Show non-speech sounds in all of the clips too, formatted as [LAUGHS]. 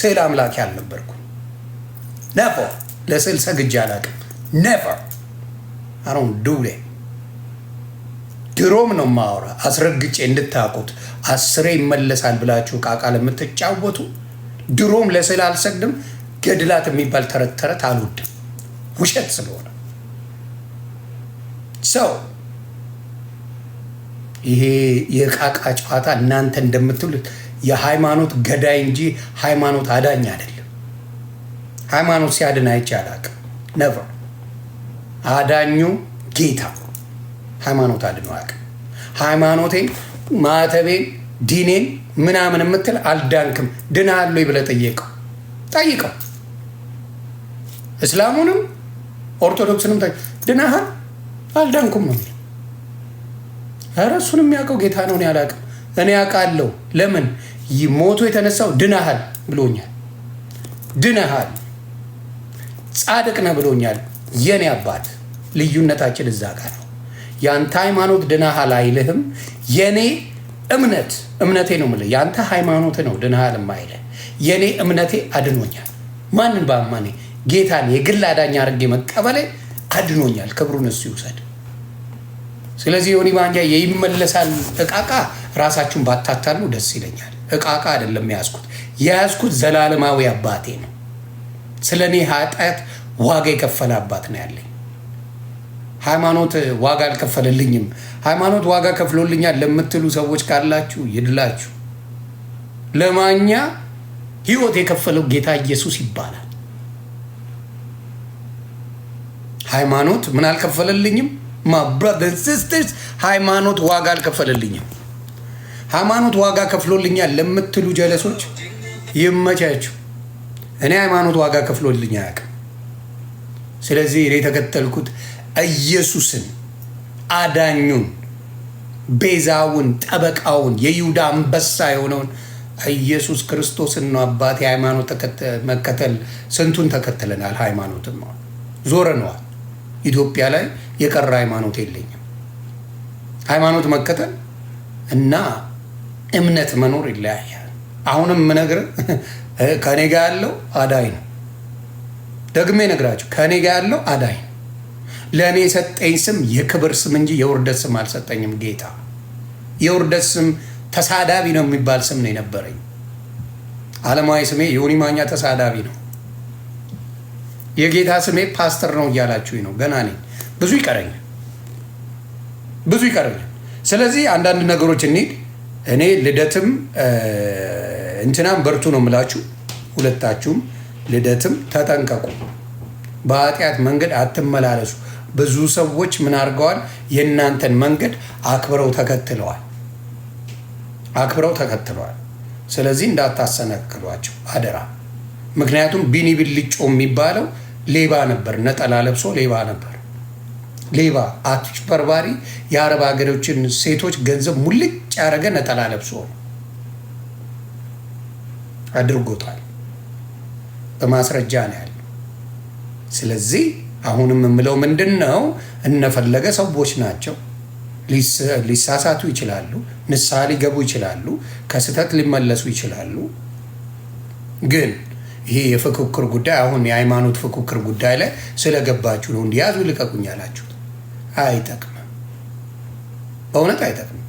ስዕል አምላኪ አልነበርኩም። ነቨር ለስዕል ሰግጄ አላውቅም። ነቨር አሁን ዱሌ ድሮም ነው ማወራ አስረግጬ እንድታውቁት። አስሬ ይመለሳል ብላችሁ ቃቃ ለምትጫወቱ ድሮም ለስዕል አልሰግድም። ገድላት የሚባል ተረት ተረት አልወድም፣ ውሸት ስለሆነ ሰው ይሄ የቃቃ ጨዋታ እናንተ እንደምትሉት የሃይማኖት ገዳይ እንጂ ሃይማኖት አዳኝ አይደለም። ሃይማኖት ሲያድን አይቼ አላውቅም። ነቨር። አዳኙ ጌታ ሃይማኖት አድኖ አያውቅም። ሃይማኖቴን፣ ማተቤን፣ ዲኔን ምናምን የምትል አልዳንክም። ድናሉ ብለህ ጠየቀው ጠይቀው። እስላሙንም ኦርቶዶክስንም ድናሃል አልዳንኩም ነው ኧረ እሱን የሚያውቀው ጌታ ነው። እኔ አላውቅም። እኔ አውቃለሁ። ለምን ሞቶ የተነሳው ድናሃል ብሎኛል። ድነሃል፣ ጻድቅ ነህ ብሎኛል። የኔ አባት ልዩነታችን እዛ ጋር ነው። የአንተ ሃይማኖት ድናሃል አይልህም። የኔ እምነት እምነቴ ነው የምልህ። የአንተ ሃይማኖት ነው ድናሃል የማይልህ። የኔ እምነቴ አድኖኛል። ማንን በአማኔ ጌታን የግል አዳኝ አድርጌ መቀበሌ አድኖኛል። ክብሩን እሱ ይውሰድ። ስለዚህ ዮኒ ማኛ የይመለሳል እቃቃ ራሳችሁን ባታታሉ ደስ ይለኛል። እቃ እቃ አይደለም የያዝኩት። የያዝኩት ዘላለማዊ አባቴ ነው። ስለ እኔ ኃጢአት ዋጋ የከፈለ አባት ነው ያለኝ። ሃይማኖት ዋጋ አልከፈልልኝም። ሃይማኖት ዋጋ ከፍሎልኛል ለምትሉ ሰዎች ካላችሁ ይድላችሁ። ለማኛ ህይወት የከፈለው ጌታ ኢየሱስ ይባላል። ሃይማኖት ምን አልከፈለልኝም። ማ ብራዘርስ ሲስተርስ ሃይማኖት ዋጋ አልከፈለልኝም። ሃይማኖት ዋጋ ከፍሎልኛል ለምትሉ ጀለሶች ይመቻችሁ። እኔ ሃይማኖት ዋጋ ከፍሎልኝ አያውቅም። ስለዚህ እኔ የተከተልኩት ኢየሱስን አዳኙን ቤዛውን ጠበቃውን የይሁዳ አንበሳ የሆነውን ኢየሱስ ክርስቶስን ነው። አባት የሃይማኖት መከተል ስንቱን ተከትለናል። ሃይማኖትን ነው ዞረነዋል። ኢትዮጵያ ላይ የቀረ ሃይማኖት የለኝም። ሃይማኖት መከተል እና እምነት መኖር ይለያያል። አሁንም ምነግር [LAUGHS] ከኔ ጋ ያለው አዳይ ነው። ደግሜ ነግራቸው ከኔ ጋ ያለው አዳይ ነው። ለእኔ የሰጠኝ ስም የክብር ስም እንጂ የውርደት ስም አልሰጠኝም ጌታ። የውርደት ስም ተሳዳቢ ነው የሚባል ስም ነው የነበረኝ። አለማዊ ስሜ ዮኒ ማኛ ተሳዳቢ ነው። የጌታ ስሜ ፓስተር ነው እያላችሁኝ ነው። ገና ነኝ። ብዙ ይቀረኛል፣ ብዙ ይቀረኛል። ስለዚህ አንዳንድ ነገሮች እንሂድ እኔ ልደትም እንትናም በርቱ ነው የምላችሁ። ሁለታችሁም ልደትም ተጠንቀቁ፣ በኃጢአት መንገድ አትመላለሱ። ብዙ ሰዎች ምን አድርገዋል? የእናንተን መንገድ አክብረው ተከትለዋል፣ አክብረው ተከትለዋል። ስለዚህ እንዳታሰነክሏቸው አደራ። ምክንያቱም ቢኒ ብልጮ የሚባለው ሌባ ነበር፣ ነጠላ ለብሶ ሌባ ነበር። ሌባ፣ አጭበርባሪ የአረብ ሀገሮችን ሴቶች ገንዘብ ሙልጭ ያደረገ ነጠላ ለብሶ አድርጎታል። በማስረጃ ነው ያለ። ስለዚህ አሁንም የምለው ምንድን ነው እነፈለገ ሰዎች ናቸው። ሊሳሳቱ ይችላሉ። ንስሐ ሊገቡ ይችላሉ። ከስህተት ሊመለሱ ይችላሉ። ግን ይሄ የፍክክር ጉዳይ አሁን የሃይማኖት ፍክክር ጉዳይ ላይ ስለገባችሁ ነው እንዲያዙ ልቀቁኝ አላችሁ። አይጠቅምም፣ በእውነት አይጠቅምም።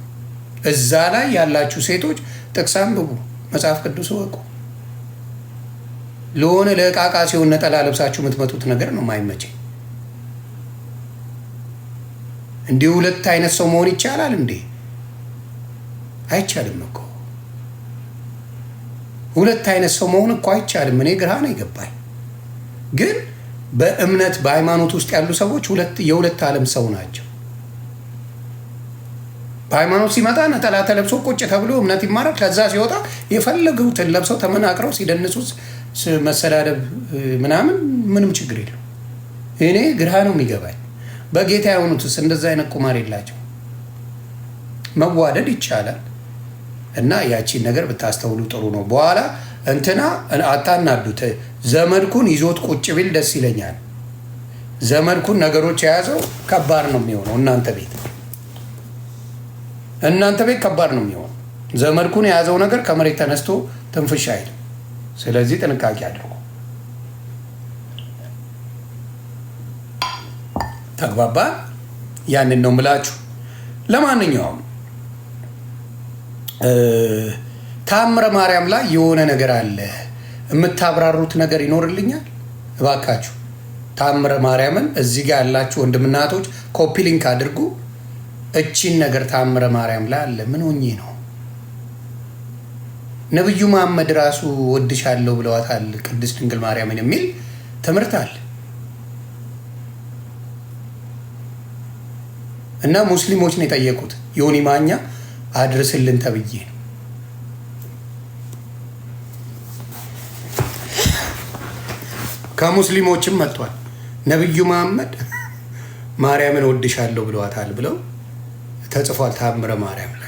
እዛ ላይ ያላችሁ ሴቶች ጥቅስ አንብቡ፣ መጽሐፍ ቅዱስ እወቁ። ለሆነ ለእቃቃ ሲሆን ነጠላ ለብሳችሁ የምትመጡት ነገር ነው ማይመቼ እንዲህ ሁለት አይነት ሰው መሆን ይቻላል እንዴ? አይቻልም እኮ ሁለት አይነት ሰው መሆን እኮ አይቻልም። እኔ ግራ ነው ይገባል ግን በእምነት በሃይማኖት ውስጥ ያሉ ሰዎች የሁለት ዓለም ሰው ናቸው። በሃይማኖት ሲመጣ ነጠላ ተለብሶ ቁጭ ተብሎ እምነት ይማራል። ከዛ ሲወጣ የፈለጉትን ለብሰው ተመናቅረው ሲደንሱ መሰዳደብ ምናምን ምንም ችግር የለው። እኔ ግርሃ ነው የሚገባኝ። በጌታ የሆኑትስ እንደዛ አይነት ቁማር የላቸው። መዋደድ ይቻላል እና ያቺን ነገር ብታስተውሉ ጥሩ ነው በኋላ እንትና አታናዱት። ዘመድኩን ይዞት ቁጭ ቢል ደስ ይለኛል። ዘመድኩን ነገሮች የያዘው ከባድ ነው የሚሆነው። እናንተ ቤት እናንተ ቤት ከባድ ነው የሚሆነው። ዘመድኩን የያዘው ነገር ከመሬት ተነስቶ ትንፍሽ አይልም። ስለዚህ ጥንቃቄ አድርጉ። ተግባባ። ያንን ነው ምላችሁ። ለማንኛውም ታምረ ማርያም ላይ የሆነ ነገር አለ የምታብራሩት ነገር ይኖርልኛል እባካችሁ። ታምረ ማርያምን እዚህ ጋር ያላችሁ ወንድምናቶች ኮፒ ሊንክ አድርጉ። እቺን ነገር ታምረ ማርያም ላይ አለ። ምን ሆኜ ነው? ነቢዩ መሐመድ ራሱ ወድሻለሁ ብለዋታል ቅድስት ድንግል ማርያምን የሚል ትምህርት አለ እና ሙስሊሞች ነው የጠየቁት ዮኒ ማኛ አድርስልን ተብዬ ነው ከሙስሊሞችም መጥቷል። ነቢዩ መሐመድ ማርያምን ወድሻለሁ ብለዋታል ብለው ተጽፏል። ታምረ ማርያም